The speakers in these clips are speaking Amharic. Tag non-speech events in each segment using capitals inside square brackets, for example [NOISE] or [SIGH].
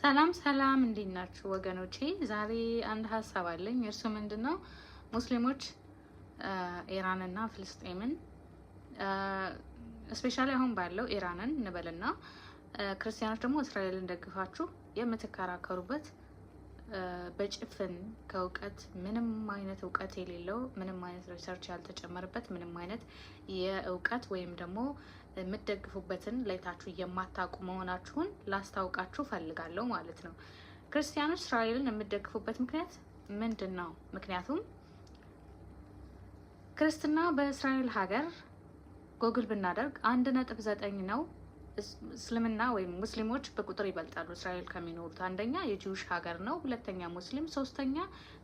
ሰላም ሰላም፣ እንዴት ናችሁ ወገኖቼ? ዛሬ አንድ ሀሳብ አለኝ። እርሱ ምንድን ነው? ሙስሊሞች ኢራንና ፍልስጤምን እስፔሻሊ አሁን ባለው ኢራንን እንበልና ክርስቲያኖች ደግሞ እስራኤልን ደግፋችሁ የምትከራከሩበት በጭፍን ከእውቀት ምንም አይነት እውቀት የሌለው ምንም አይነት ሪሰርች ያልተጨመረበት ምንም አይነት የእውቀት ወይም ደግሞ የምትደግፉበትን ለይታችሁ የማታውቁ መሆናችሁን ላስታውቃችሁ ፈልጋለሁ ማለት ነው። ክርስቲያኖች እስራኤልን የምትደግፉበት ምክንያት ምንድን ነው? ምክንያቱም ክርስትና በእስራኤል ሀገር ጎግል ብናደርግ አንድ ነጥብ ዘጠኝ ነው እስልምና ወይም ሙስሊሞች በቁጥር ይበልጣሉ እስራኤል ከሚኖሩት። አንደኛ የጂውሽ ሀገር ነው፣ ሁለተኛ ሙስሊም፣ ሶስተኛ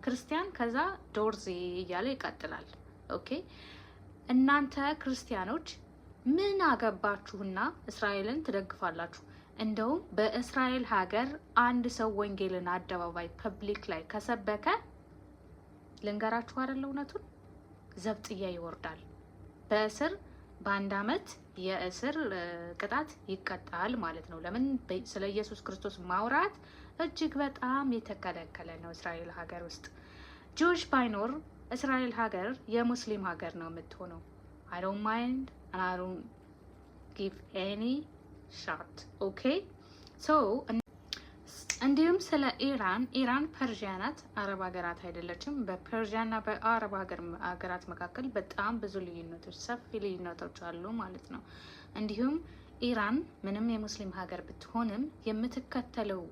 ክርስቲያን፣ ከዛ ዶርዜ እያለ ይቀጥላል። ኦኬ እናንተ ክርስቲያኖች ምን አገባችሁና እስራኤልን ትደግፋላችሁ? እንደውም በእስራኤል ሀገር አንድ ሰው ወንጌልን አደባባይ ፐብሊክ ላይ ከሰበከ ልንገራችሁ አይደለ እውነቱን ዘብጥያ ይወርዳል በእስር በአንድ አመት የእስር ቅጣት ይቀጣል ማለት ነው። ለምን ስለ ኢየሱስ ክርስቶስ ማውራት እጅግ በጣም የተከለከለ ነው እስራኤል ሀገር ውስጥ። ጆሽ ባይኖር እስራኤል ሀገር የሙስሊም ሀገር ነው የምትሆነው። አይ ዶንት ማይንድ አይ ዶንት ጊቭ ኤኒ ሻት ኦኬ ሶ እንዲሁም ስለ ኢራን ኢራን ፐርዥያ ናት፣ አረብ ሀገራት አይደለችም። በፐርዥያና በአረብ ሀገራት መካከል በጣም ብዙ ልዩነቶች፣ ሰፊ ልዩነቶች አሉ ማለት ነው። እንዲሁም ኢራን ምንም የሙስሊም ሀገር ብትሆንም የምትከተለው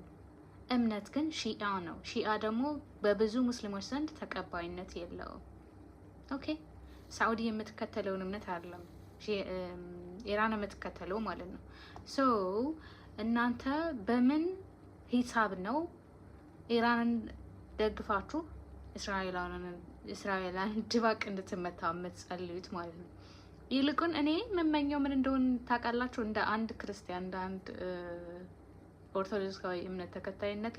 እምነት ግን ሺአ ነው። ሺአ ደግሞ በብዙ ሙስሊሞች ዘንድ ተቀባይነት የለውም። ኦኬ ሳዑዲ የምትከተለውን እምነት አለም ኢራን የምትከተለው ማለት ነው። ሶ እናንተ በምን ሂሳብ ነው። ኢራንን ደግፋችሁ እስራኤላን ድባቅ እንድትመታ የምትጸልዩት ማለት ነው። ይልቁን እኔ የምመኘው ምን እንደሆን ታውቃላችሁ? እንደ አንድ ክርስቲያን እንደ አንድ ኦርቶዶክሳዊ እምነት ተከታይነት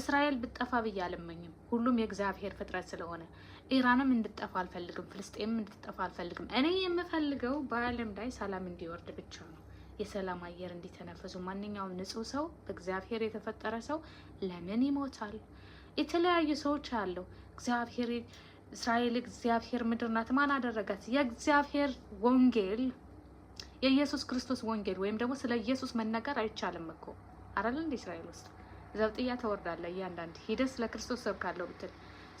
እስራኤል ብጠፋ ብዬ አልመኝም። ሁሉም የእግዚአብሔር ፍጥረት ስለሆነ ኢራንም እንድጠፋ አልፈልግም፣ ፍልስጤም እንድትጠፋ አልፈልግም። እኔ የምፈልገው በዓለም ላይ ሰላም እንዲወርድ ብቻ ነው። የሰላም አየር እንዲተነፍሱ። ማንኛውም ንጹህ ሰው በእግዚአብሔር የተፈጠረ ሰው ለምን ይሞታል? የተለያዩ ሰዎች አለው። እግዚአብሔር እስራኤል እግዚአብሔር ምድር ናት። ማን አደረጋት? የእግዚአብሔር ወንጌል የኢየሱስ ክርስቶስ ወንጌል ወይም ደግሞ ስለ ኢየሱስ መነገር አይቻልም እኮ አረል እንደ እስራኤል ውስጥ ዘብጥያ ተወርዳለ። እያንዳንድ ሂደ ስለ ክርስቶስ ሰብካለሁ ብትል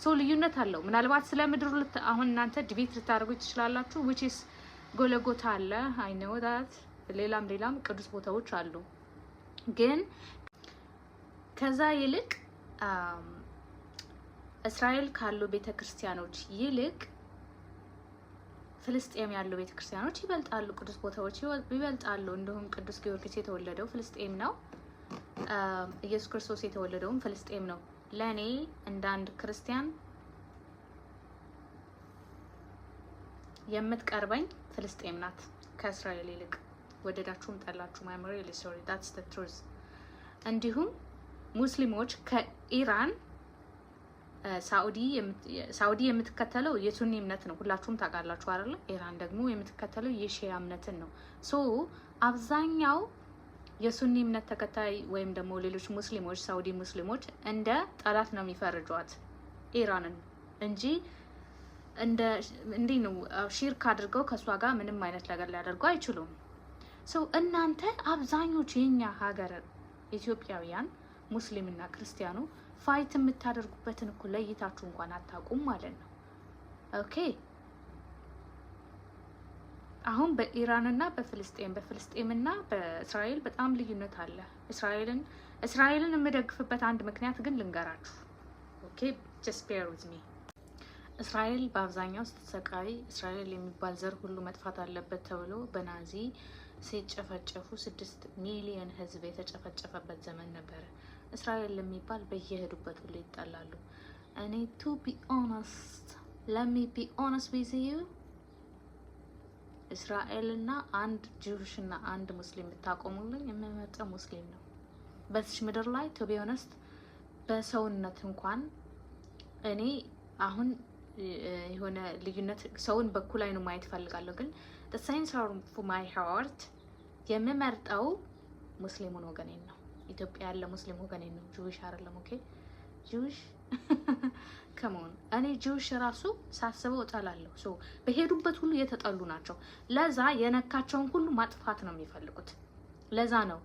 ሰው ልዩነት አለው። ምናልባት ስለ ምድሩ አሁን እናንተ ዲቤት ልታደርጉ ትችላላችሁ። ዊችስ ጎለጎታ አለ አይነወታት ሌላም ሌላም ቅዱስ ቦታዎች አሉ። ግን ከዛ ይልቅ እስራኤል ካሉ ቤተ ክርስቲያኖች ይልቅ ፍልስጤም ያሉ ቤተ ክርስቲያኖች ይበልጣሉ፣ ቅዱስ ቦታዎች ይበልጣሉ። እንዲሁም ቅዱስ ጊዮርጊስ የተወለደው ፍልስጤም ነው። ኢየሱስ ክርስቶስ የተወለደውም ፍልስጤም ነው። ለእኔ እንደ አንድ ክርስቲያን የምትቀርበኝ ፍልስጤም ናት ከእስራኤል ይልቅ። ወደዳችሁም ጠላችሁ ማይ ሶሪ ዳትስ ዘ ትሩዝ። እንዲሁም ሙስሊሞች ከኢራን ሳኡዲ የምትከተለው የሱኒ እምነት ነው። ሁላችሁም ታውቃላችሁ አይደለ? ኢራን ደግሞ የምትከተለው የሺያ እምነትን ነው። ሶ አብዛኛው የሱኒ እምነት ተከታይ ወይም ደግሞ ሌሎች ሙስሊሞች ሳኡዲ ሙስሊሞች እንደ ጠላት ነው የሚፈርጇት ኢራንን እንጂ እንደ እንዲህ ነው ሺርክ አድርገው ከእሷ ጋር ምንም አይነት ነገር ሊያደርጉ አይችሉም። ሰው እናንተ አብዛኞቹ የኛ ሀገር ኢትዮጵያውያን ሙስሊምና ክርስቲያኑ ፋይት የምታደርጉበትን እኮ ለይታችሁ እንኳን አታውቁም ማለት ነው። ኦኬ አሁን በኢራንና በፍልስጤም በፍልስጤምና በእስራኤል በጣም ልዩነት አለ። እስራኤልን እስራኤልን የምደግፍበት አንድ ምክንያት ግን ልንገራችሁ። ኦኬ ጀስት ቤር ዊዝ ሚ እስራኤል በአብዛኛው ስትሰቃይ፣ እስራኤል የሚባል ዘር ሁሉ መጥፋት አለበት ተብሎ በናዚ ሲጨፈጨፉ ስድስት ሚሊዮን ህዝብ የተጨፈጨፈበት ዘመን ነበረ። እስራኤል ለሚባል በየሄዱበት ሁሉ ይጠላሉ። እኔ ቱ ቢ ኦነስት ለሚ ቢ ኦነስት ዊዝ ዩ እስራኤልና አንድ ጂውሽ እና አንድ ሙስሊም ብታቆሙልኝ የምመርጠው ሙስሊም ነው። በዚች ምድር ላይ ቱ ቢ ኦነስት በሰውነት እንኳን እኔ አሁን የሆነ ልዩነት ሰውን በኩል አይኑ ማየት እፈልጋለሁ። ግን ሳይንስ ፎ ማይ ሀርት የምመርጠው ሙስሊሙን ወገኔን ነው። ኢትዮጵያ ያለ ሙስሊም ወገኔን ነው። ጁዊሽ አይደለም። ኦኬ ጁዊሽ ከመሆኑ [LAUGHS] እኔ ጁዊሽ ራሱ ሳስበው እጠላለሁ። ሶ በሄዱበት ሁሉ የተጠሉ ናቸው። ለዛ የነካቸውን ሁሉ ማጥፋት ነው የሚፈልጉት። ለዛ ነው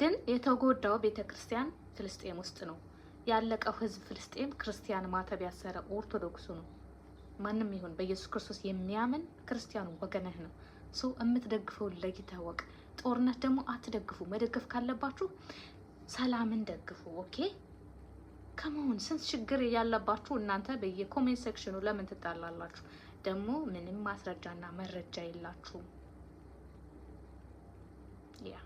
ግን የተጎዳው ቤተክርስቲያን ፍልስጤም ውስጥ ነው። ያለቀው ህዝብ ፍልስጤም ክርስቲያን ማተብ ያሰረ ኦርቶዶክሱ ነው። ማንም ይሁን በኢየሱስ ክርስቶስ የሚያምን ክርስቲያኑ ወገንህ ነው። ሰው የምትደግፈውን ለይታወቅ ጦርነት ደግሞ አትደግፉ። መደገፍ ካለባችሁ ሰላምን ደግፉ። ኦኬ ከመሆን ስንት ችግር ያለባችሁ እናንተ በየኮሜንት ሴክሽኑ ለምን ትጣላላችሁ? ደግሞ ምንም ማስረጃና መረጃ የላችሁም ያ